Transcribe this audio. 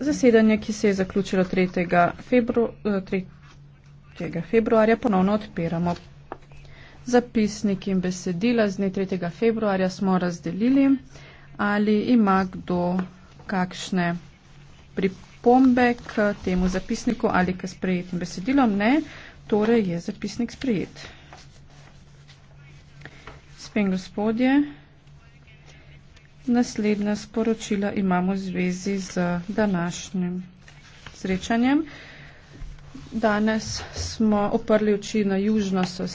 zasedanje, ki se je zaključilo 3. Febru, 3. Eh, februarja, ponovno odpiramo. Zapisnik in besedila z dne 3. februarja smo razdelili, ali ima kdo kakšne pripombe k temu zapisniku ali k sprejetim besedilom. Ne, torej je zapisnik sprejet. Spen gospodje. Naslednja sporočila imamo v zvezi z današnjim srečanjem. Danes smo oprli oči na južno sosedstvo.